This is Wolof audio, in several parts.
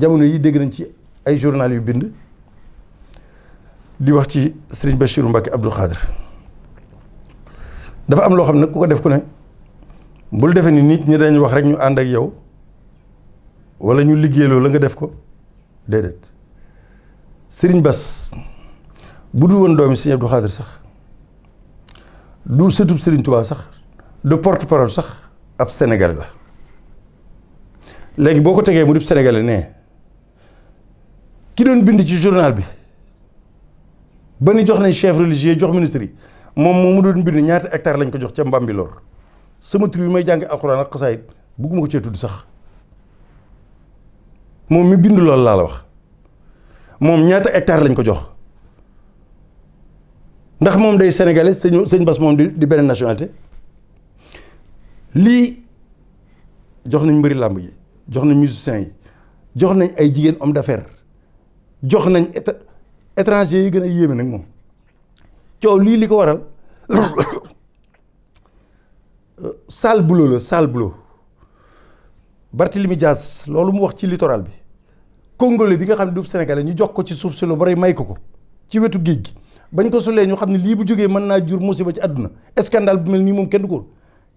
jamono yi dégg nañ ci ay journal yu bind di wax ci sëriñ Bachirou Mbacké Abdou Khadre dafa am loo xam ne ku ko def ku ne bul defee ni nit ñi dañ wax rek ñu ànd ak yow wala ñu liggéey loolu la nga def ko déedéet sëriñ Bas bu du woon doomi sëriñ Abdou Khadre sax du sëtub sëriñ Touba sax de porte parole sax ab Sénégal la léegi boo ko tegee mu dib Sénégalais nee ki doon bind ci journal bi ba ni jox nañ chef religieux jox ministre yi moom moom mu doon bind ñaata hectare lañ ko jox ca Mbambilor sama tur yi may jàng alxuraan ak xasaayit bugguma ko cee tudd sax moom mi bind loolu laal wax moom ñaata hectare lañ ko jox ndax moom day sénégalais sëñ sëñ Bass moom di beneen nationalité lii jox nañ mbëri làmb yi jox nañ musiciens yi jox nañ ay jigéen homme d'affaires jox nañ étranger yi gën a yéeme nag moom coow lii li ko waral euh, sale boulot la sale boulot Barthélemy jaas loolu mu wax ci littoral bi congolais bi nga xam ne du sénégalais ñu jox ko ci suuf si lu bari may ko ko ci wetu géej gi bañ ko solee ñu xam ne lii bu jógee mën naa jur musiba ci àdduna scandale bu mel nii moom kenn du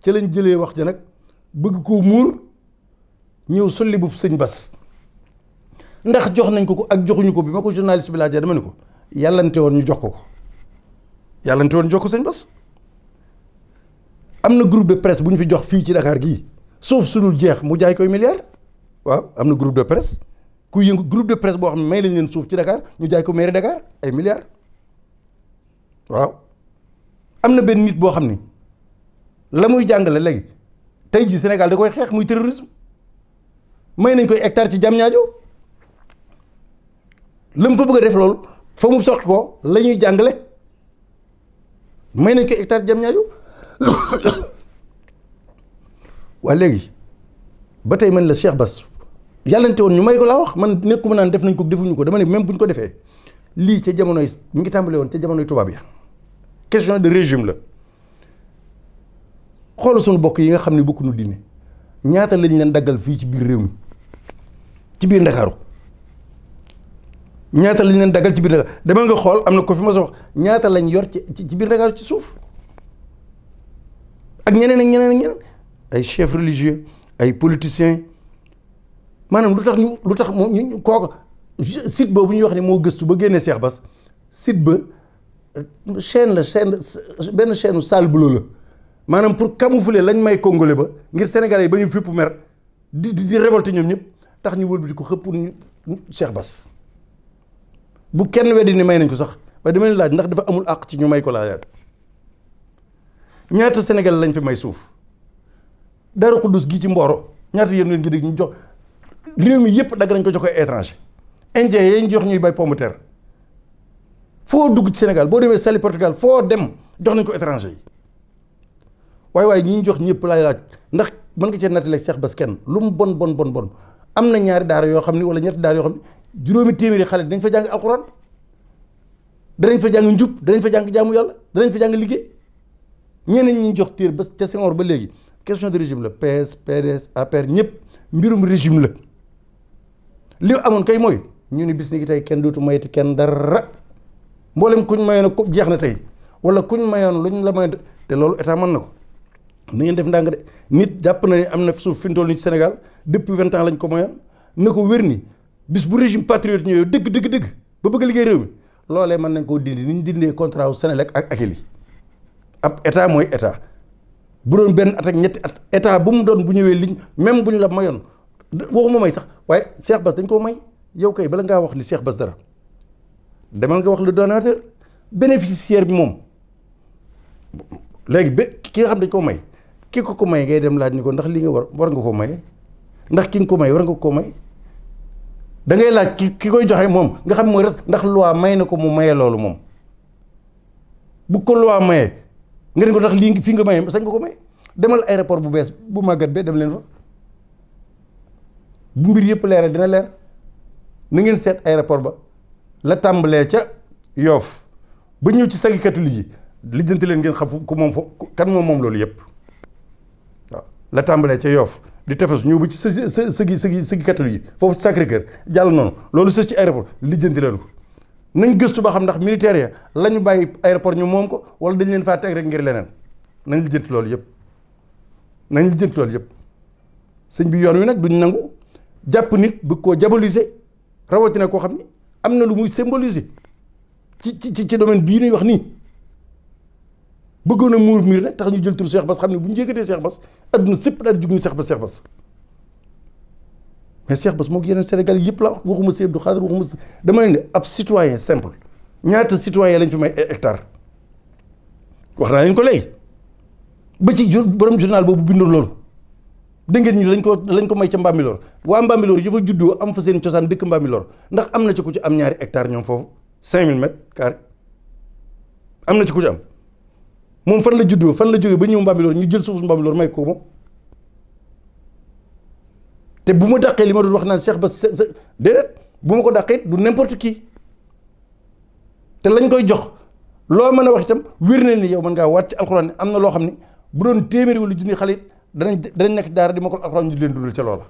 ci lañ jëlee wax ja nag bëgg koo muur ñëw sulli bu sëñ bas ndax jox nañ ko ko ak joxuñu ko bi ma ko journaliste bi laajee dama ne ko yàllante woon ñu jox ko ko yàllante woon jox ko sañ Bass am na groupe de presse bu ñu fi jox fii ci Dakar gii sauf su dul jeex mu jaay koy milliard waaw am na groupe de presse ku yëngu groupe de presse boo xam ne may lañ leen suuf ci Dakar ñu jaay ko mairie Dakar ay milliards waaw am na benn nit boo xam ne la muy jàngale léegi tey jii Sénégal da koy xeex muy terrorisme may nañ koy hectare ci Diamniadio la mu fa bëgg a def loolu fa mu soqi ko la jàngale may nañ ko hectare jam ñaaju waa léegi ba tey man la Cheikh Bass yàllante woon ñu may ko laa wax man nekkuma naan def nañ ko defuñu ko dama ne même bu ñu ko defee lii ca jamonoy mi ngi tàmbale woon ca jamonoy tubaab ya question de régime la xoolal suñu bokk yi nga xam ne bokkuñu diine ñaata lañ leen daggal fii ci biir réew mi ci biir Ndakaaru ñaata lañ leen dagal ci biir Dakar demal nga xool am na ko fi ma sa wax ñaata lañ yor ci ci biir Dakar ci suuf ak ñeneen ak ñeneen ak ñeneen ay chef religieux ay politiciens maanaam lu tax ñu lu tax moo ñu kooku site boobu ñuy wax ni moo gëstu ba génnee Cheikh bas site ba chaine la chaîne benn chaine u sale la maanaam pour camoufler lañ may congolais ba ngir sénégal yi ba ñu fépp mer di di di révolter ñoom ñëpp tax ñu wëlbati ko xëpp ñu Cheikh Bass bu kenn weddi ni may nañ ko sax waaye dama leen laaj ndax dafa amul àq ci ñu may ko laajaat ñaata Sénégal lañ fi may suuf Daaru Xuddus gi ci Mboro ñaata yéen ngeen ñu jox réew mi yëpp dagg dañ ko jox ko étranger indien yi ñu jox ñuy bay pomme de terre foo dugg ci Sénégal boo demee Sali Portugal foo dem jox nañ ko étranger yi waaye waaye ñi jox ñëpp laay laaj ndax man nga cee nattale Seex bas kenn lu mu bon bon bon bon am na ñaari daara yoo xam ni wala ñetti daara yoo xam ni juróomi téeméeri xale danañ fa jàng alxuraan danañ fa jàng njub danañ fa jàng jaamu yàlla danañ fa jàng liggéey ñeneen ñi jox téer ba ca Senghor ba léegi question de régime la PS PDS APR ñëpp mbirum régime la li amoon kay mooy ñu ni bis ki tey kenn dootu mayati kenn dara mboolem kuñ mayoon ko jeex na tey wala kuñ mayoon luñ la mayoon te loolu état mën na ko na ngeen def ndànk de nit jàpp na ne am na suuf fi mu toll nii Sénégal depuis vingt ans lañ ko mayoon na ko wér ni bis bu régime patriote ñëwee dëgg dëgg dëgg ba bëgg liggéey réew mi loolee mën nañ koo dindi ni ñu dindee contrat wu Senelec ak Akilee ab état mooy état bu doon benn at ak ñetti at état bu mu doon bu ñëwee liñ même buñ la mayoon waxuma may sax waaye Cheikh Bass dañ koo may yow kay bala ngaa wax ni seex Bass dara demal nga wax la donateur bénéficiaire bi moom léegi ba ki nga xam dañ koo may ki ko ko may ngay dem laaj ni ko ndax li nga war war nga ko may ndax ki ko may war nga ko may. da ngay laaj ki ki koy joxe moom nga xam mooy ndax loi may na ko mu maye loolu moom bu ko loi maye nga ne ko ndax lii fii nga maye sañ nga ko may demal aéroport bu bees bu màggat be dem leen fa bu mbir yëpp leere dina leer na ngeen seet aéroport ba la tàmbalee ca yoof ba ñëw ci sagi catholique yi lijjanti leen ngeen xam fu ko moom fo kan moom moom loolu yëpp waaw la tàmbalee ca yoof di tefes ñëw ba ci sëgi sëgi sëgi sëgi catholique yi foofu ci kër Cœur jàll noonu loolu sës ci aéroport lijjanti leen ko nañ gëstu ba xam ndax militaire ya la ñu bàyyi aéroport ñu moom ko wala dañ leen faa teg rek ngir leneen nañ lijjanti loolu yëpp nañ lijjanti loolu yëpp sëñ bi yoon wi nag duñ nangu jàpp nit bëgg koo diaboliser rawatina koo xam ni am na lu muy symboliser ci ci ci domaine bii nuy wax nii bëggoon a muur miir nag tax ñu jël tur Cheikh Bass xam ne bu ñu yëkkatee Cheikh Bass adduna sëpp daal di jug ñu Cheikh Bass Cheikh Bass mais Cheikh Bass moo ko yeneen Sénégal yëpp la wax waxuma Seydou Khadre waxuma dama leen ne ab citoyen simple ñaata citoyen lañ fi may e hectare wax naa leen ko léegi ba ci borom journal boobu bindoon loolu dégg ngeen lañ ko lañ ko may ca Mbambilor waa Mbambilor yi fa juddoo am fa seen cosaan dëkk Mbambilor ndax am na ci ci am ñaari hectare ñoom foofu cinq mille mètres carrés am na ci ku ci am moom fan la juddoo fan la jógee ba ñëw Mbambilor ñu jël suufu Mbambilor may ko moom te bu ma daqee li ma doon wax naan Cheikh Bass sa déedéet bu ma ko dàqee du n'importe kii te lañ koy jox loo mën a wax itam wér na ni yow mën ngaa waat ci alxuraan ni am na loo xam ne bu doon téeméeri wala junni xale it danañ danañ nekk daara di ma ko alxuraan ñu leen dundal ca loola.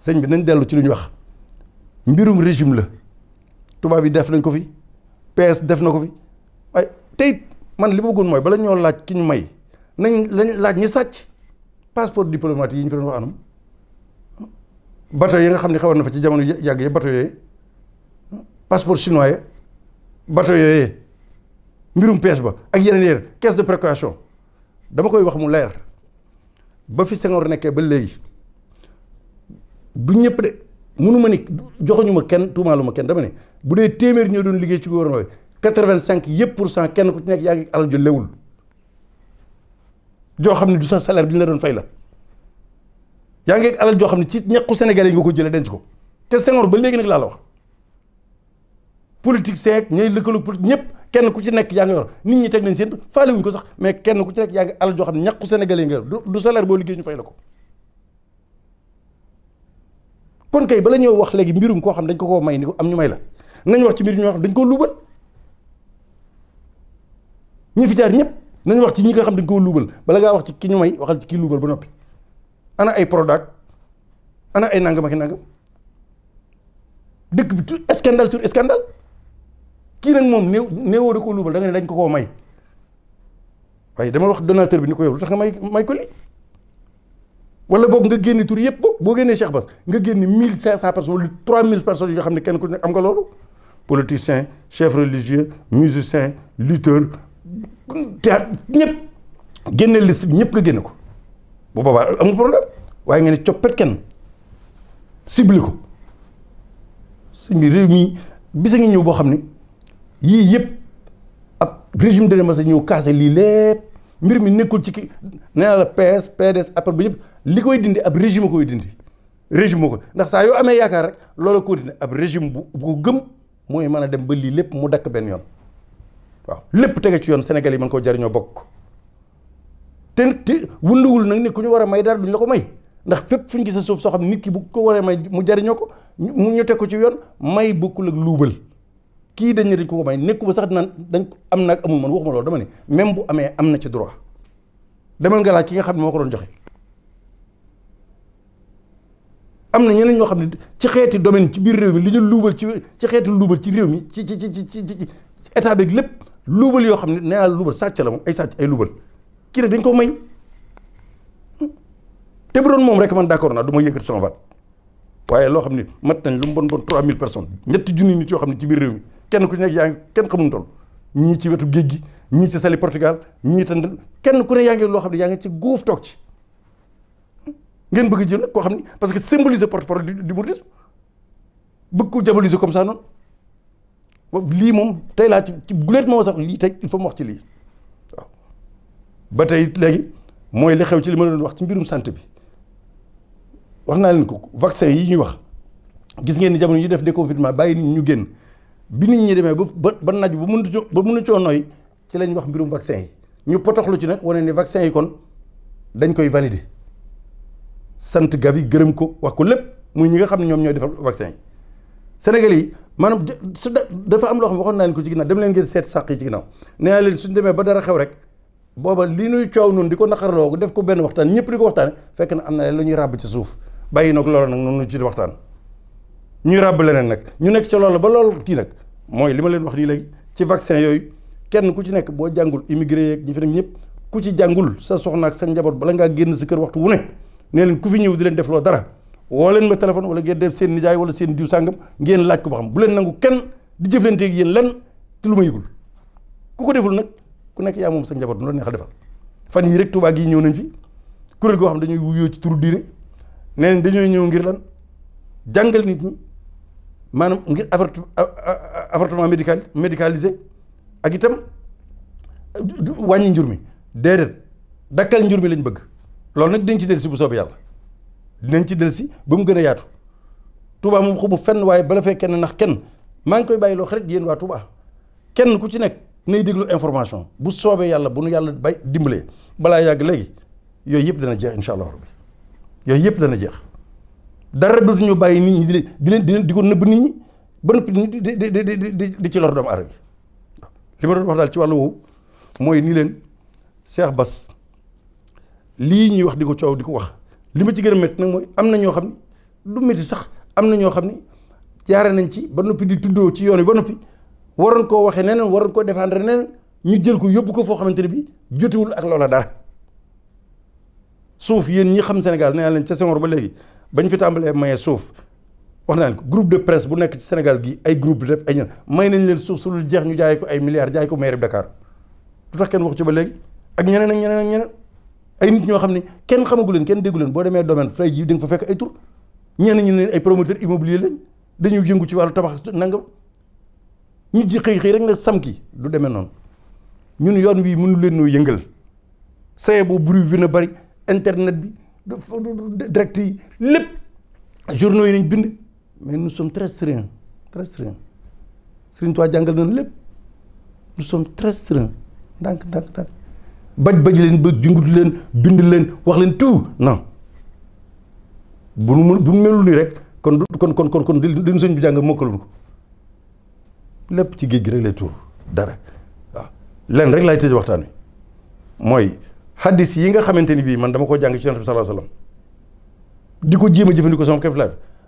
sëñ bi nañ dellu ci lu ñu wax mbirum régime la tubaab yi def nañ ko fi PS def na ko fi. tey man li ma bëggoon mooy bala ñoo laaj ki ñu may nañ lañ laaj ñi sàcc passeport diplomatique yi ñu fi doon wax anam bateau yi nga xam ne xawoon na fa ci jamono yàgg yi bato yooyu passeport chinois ya bateau yooyu mbirum pêche ba ak yeneen yeneen caisse de précaution dama koy wax mu leer ba fi Senghor nekkee ba léegi du ñëpp de mënu ma ni joxuñu ma kenn tuumaalu ma kenn dama ne bu dee téeméer ñoo doon liggéey ci gouvernement bi quatre-vingt-cinq yëpp pour cent kenn ku ci nekk yaa ngi alal ju lewul joo xam ne du sa salaire bi ñu doon fay la yaa ngi alal joo xam ne ci ñaqu Sénégalais yi nga ko jëlee denc ko te Senghor ba léegi nag laa la wax politique seeg ñooy lëkkaloo politique ñëpp kenn ku ci nekk yaa ngi yor nit ñi teg nañ seen faale wuñ ko sax mais kenn ku ci nekk yaa ngi alal joo xam ne ñaqu Sénégalais yi nga yor du salaire boo liggéey ñu fay la ko kon kay bala ñoo wax léegi mbirum koo xam dañ ko koo may ni ko am ñu may la nañ wax ci mbir ñoo xam dañ ko luubal ñi fi jaar ñëpp nañu wax ci ñi nga xam ne koo luubal bala ngaa wax ci ki ñu may waxal ci kii luubal ba noppi ana ay Prodac ana ay nangam ak i dëkk bi tout scandale sur scandale kii nag moom néew néewoo da koo luubal da nga ne dañ ko koo may waaye dama wax donateur bi ni ko yow lu tax nga may may ko li wala boog nga génne tur yëpp boog boo génnee Cheikh Bass nga génne mille cinq cent personnes wala trois mille personnes yoo xam ne kenn ku nekk am nga loolu politicien chef religieux musicien lutteur ñëpp génne liste bi ñëpp nga génne ko bu boobaa amul problème waaye nga ne coppet kenn ciblé ko suñ bi réew mi bisa ngi ñëw boo xam ne yii yëpp ab régime de masa ñëw kaase lii lépp mbir mi nekkul ci ki nee na la PS PDS après bu ñëpp li koy dindi ab régime koy dindi régime ko ndax saa yoo amee yaakaar rek loola koo dindi ab régime bu bu ko gëm mooy mën a dem ba lii lépp mu dakk benn yoon waaw lépp tege ci yoon senegal yi mën koo jariñoo bokk te te wunduwul nag ni ku ñu war a may dara duñ la ko may ndax fépp fu ñu gis suuf soo xam nit ki bu ko waree may mu jariñoo ko mu ñu teg ko ci yoon may bokkul ak luubal kii dañ ne dañ ko ko may nekku ba sax dinaan dañ am na ak amul man waxuma loolu dama ne même bu amee am na ci droit demal nga laaj ki nga xam ne moo ko doon joxe. am na ñeneen ñoo xam ne ci xeeti domaine ci biir réew mi li ñu luubal ci ci xeeti luubal ci réew mi ci ci ci état beeg lépp luubal yoo xam ne nee naa luubal sàcc la moom ay sàcc ay luubal kii ne dañ koo may te bu doon moom rek man d'accord naa du ma yëkkati sama baat waaye loo xam ne mat nañ lu mu bon bon 3000 personnes ñett junni nit yoo xam ne ci biir réew mi kenn ku nekk yaa ngi kenn xamuñu toll ñii ci wetu géej gi ñii ci sali Portugal ñii tan kenn ku ne yaa ngi loo xam ne yaa ngi ci góof toog ci ngeen bëgg jël nag koo xam ne parce que symboliser porte-parole du mouridisme bëgg ko diaboliser comme ça noonu lii moom tey laa ci ci guleet moom sax lii tey il faut mu wax ci lii ba tey léegi mooy li xew ci li ma doon wax ci mbirum sant bi wax naa leen ko vaccin yi ñuy wax gis ngeen ni jamono yi def déconfinement bàyyi nit ñu génn bi nit ñi demee ba ba naj ba mënut a ba mënut a nooy ci lañ wax mbirum vaccin yi ñu potoxlu ci nag wane ni vaccin yi kon dañ koy valider sant Gavi gërëm ko wax ko lépp muy ñi nga xam ne ñoom ñooy defal vaccin yi. Sénégal yi maanaam su dafa am loo xam waxoon naa leen ko ci ginnaaw dem leen ngeen seet sàq yi ci ginnaaw nee leen suñu demee ba dara xew rek booba li nuy coow noonu di ko naqarloo def ko benn waxtaan ñëpp di ko waxtaane fekk na am na leen lu ñuy ràbb ci suuf bàyyi nag loolu nag noonu waxtaan ñuy ràbb leneen nag ñu nekk ci loolu ba loolu kii nag mooy li ma leen wax nii léegi ci vaccin yooyu kenn ku ci nekk boo jàngul immigré yeeg ñi fi nekk ñëpp ku ci jàngul sa soxna ak sa njaboot bala ngaa génn sa kër waxtu wu ne nee leen ku fi ñëw di leen def loo dara woo leen ma téléphone wala ngeen dem seen nijaay wala seen diw sàngam ngeen laaj ko ba xam bu leen nangu kenn di jëflanteeg yéen lan te lu ma yëgul ku ko deful nag ku nekk yaa moom sa njaboot loolu neex a defal fan yii rek Tuubaa gii ñëw nañ fi kuréel goo xam dañuy wuyoo ci turu diine nee nañ dañooy ñëw ngir lan jàngal nit ñi maanaam ngir avortu avortement médical médicalisé ak itam wàññi njur mi déedéet dakkal njur mi lañ bëgg loolu nag dañ ci dellu si bu soobee dinañ ci si ba mu gën a yaatu Touba moom xubu fenn waaye bala fee kenn ndax kenn maa ngi koy bàyyi loo xel yéen waa Touba kenn ku ci nekk nay déglu information bu soobee yàlla bu nu yàlla bay dimbalee balaa yàgg léegi yooyu yëpp dana jeex incha allah rabbi yooyu yëpp dana jeex dara dootuñu bàyyi nit ñi di di leen di ko nëbb nit ñi ba noppi di di di ci lor doomu aadama li ma doon wax daal ci wàllu woowu mooy nii leen Cheikh bas lii ñuy wax di ko di ko wax. li ma ci gën a métti nag mooy am na ñoo xam ne du métti sax am na ñoo xam ne jaare nañ ci ba noppi di tuddoo ci yoon yi ba noppi waroon koo waxee neneen waroon koo défendre neneen ñu jël ko yóbbu ko foo xamante ne bi jotewul ak loola dara suuf yéen ñi xam Sénégal nee naa leen ca Senghor ba léegi bañ fi tàmbalee maye suuf wax naa ko groupe de presse bu nekk ci Sénégal gi ay groupe rek ay ñan may nañ leen suuf su dul jeex ñu jaay ko ay milliards jaay ko mairie Dakar du tax wax ci ba léegi ak ñeneen ak ñeneen ak ay nit ñoo xam ne kenn xamagu leen kenn déggu leen boo demee domaine fay ji da nga fa fekk ay tur ñenn ñu ne ay promoteur immobilier lañ dañuy yëngu ci wàllu tabax nangam ñu ji xëy xëy rek nag samki du demee noonu ñun yoon wii mënu leen noo yëngal saye boo bruit bi na bari internet bi direct yi lépp journaux yi nañ bind mais nu some très sereins très sereins Serigne Touba jàngal nañu lépp nous très sereins ndànk ndànk ndànk baj baj leen ba jungut leen bind leen wax leen tout non bu nu bu nu melul nii rek kon kon kon kon kon li nu bi jàng mokkaloon ko lépp ci géej gi rek lay tuur dara waaw leen rek laay waxtaan wi mooy hadis yi nga xamante ni bii man dama koo jàng ci bi sallallahu alayhi di ko jéem a jëfandikoo sama képp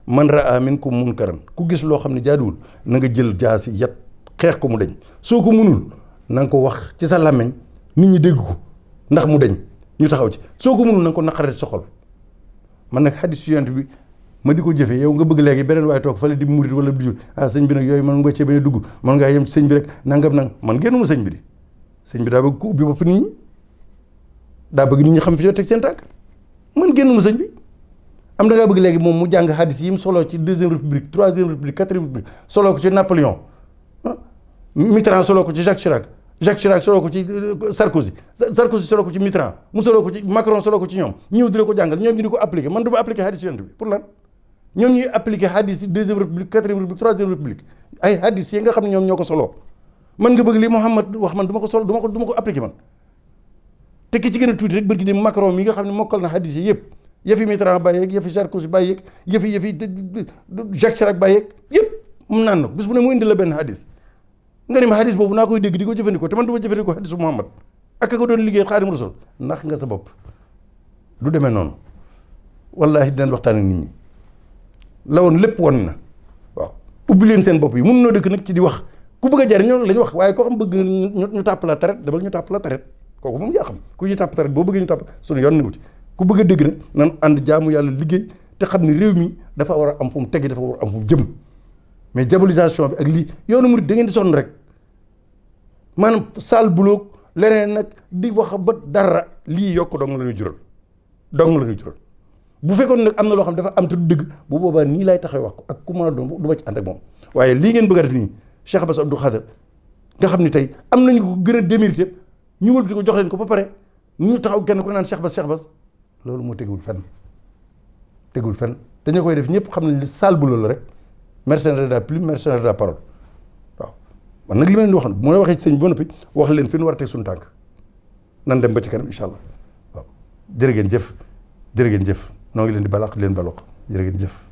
man raa minkum munkaran ku gis loo xam ne jaaduwul na nga jël jaasi yat xeex ko mu deñ soo ko munul nanga ko wax ci sa làmmiñ nit ñi dégg ko ndax mu deñ ñu taxaw ci soo ko mënul na nga ko naqaree soxal man nag xadis yonent bi ma di ko jëfee yow nga bëgg léegi beneen waaye toog fale di murit wala di jul ah sëñ bi nag yooyu man nga cee bañ a dugg man ngaa yem sëñ bi rek nanga nang man génnuma sëñ bi di sëñ bi daa bëgg ku ubbi bopp nit ñi daa bëgg nit ñi xam fi ñoo teg seen tànk man génnuma sëñ bi am da ngaa bëgg léegi moom mu jàng xadis yi mu solo ci deuxième république troisième république quatrième république solo ko ci Napoléon ah, Mitterrand solo ko ci Jacques Chirac Jacques Chirac soloo ko ci euh, Sarkozy Sarkozy soloo ko ci Mitterrand mu soloo ko ci Macron soloo ko ci ñoom ñëw di la ko jàngal ñoom ñu ko appliqué man du ma appliqué hadis yonent bi pour lan ñoom ñuy appliqué hadis yi deuxième ñoom ñoo ko soloo man nga bëgg li Mouhamad wax man du ma ko solo du ma ko du ma ko appliqué man te tuuti rek bërgi ni Macron mi nga xam ne mokkal na hadis yi yëpp yëfi Mitterrand bàyyi yeeg euh, mu naan na bis bu ne indi la benn hadis nga ne ma xadis boobu naa koy dégg di ko jëfandikoo te man du ma jëfandikoo xadisu Muhammad ak ka ko doon liggéey xaadim rasul nga sa bopp du demee noonu wallahi dinañ waxtaan ak ñi la lépp woon na waaw ubbi leen seen bopp yi mun noo dëkk nag ci di wax ku bëgg a jariñoo la ñu wax waaye koo xam bëgg ñu tàpp la taret demal ñu la taret kooku moom yaa xam ku boo bëggee ñu tàpp yoon niwu ci ku bëgg a dégg nag nan ànd liggéey te xam ne réew mi dafa war a am fu mu tegi dafa war a am fu mu jëm mais diabolisation bi ak lii yoonu murid da ngeen di sonn rek maanaam sal buloog leneen nag di wax ba dara lii yokk dong la ñu jural dong la ñu jural bu fekkoon nag am na loo xam ne dafa am te du dëgg bu boobaa nii lay taxaw wax ko ak ku mën a doon du ma ci ànd ak moom waaye lii ngeen bëgg a def nii Cheikh Bass Abdou Khadre nga xam ni tey am nañu ko gën a démérité ñu wëlbati ko jox leen ko ba pare ñu taxaw kenn ku naan Cheikh Bass Cheikh loolu moo tegul fen tegul fenn dañoo koy def ñëpp xam ne li sal buloog la rek mercenaire de la plume mercenaire man nag li ma leen di wax nag bu waxee ci sëñ bi ba wax leen fi ñu war a teg suñu tànk nan dem ba ci kanam incha allah waaw jërë jëf jërë ngeen jëf noo ngi leen di balaax leen baloox jërë ngeen jëf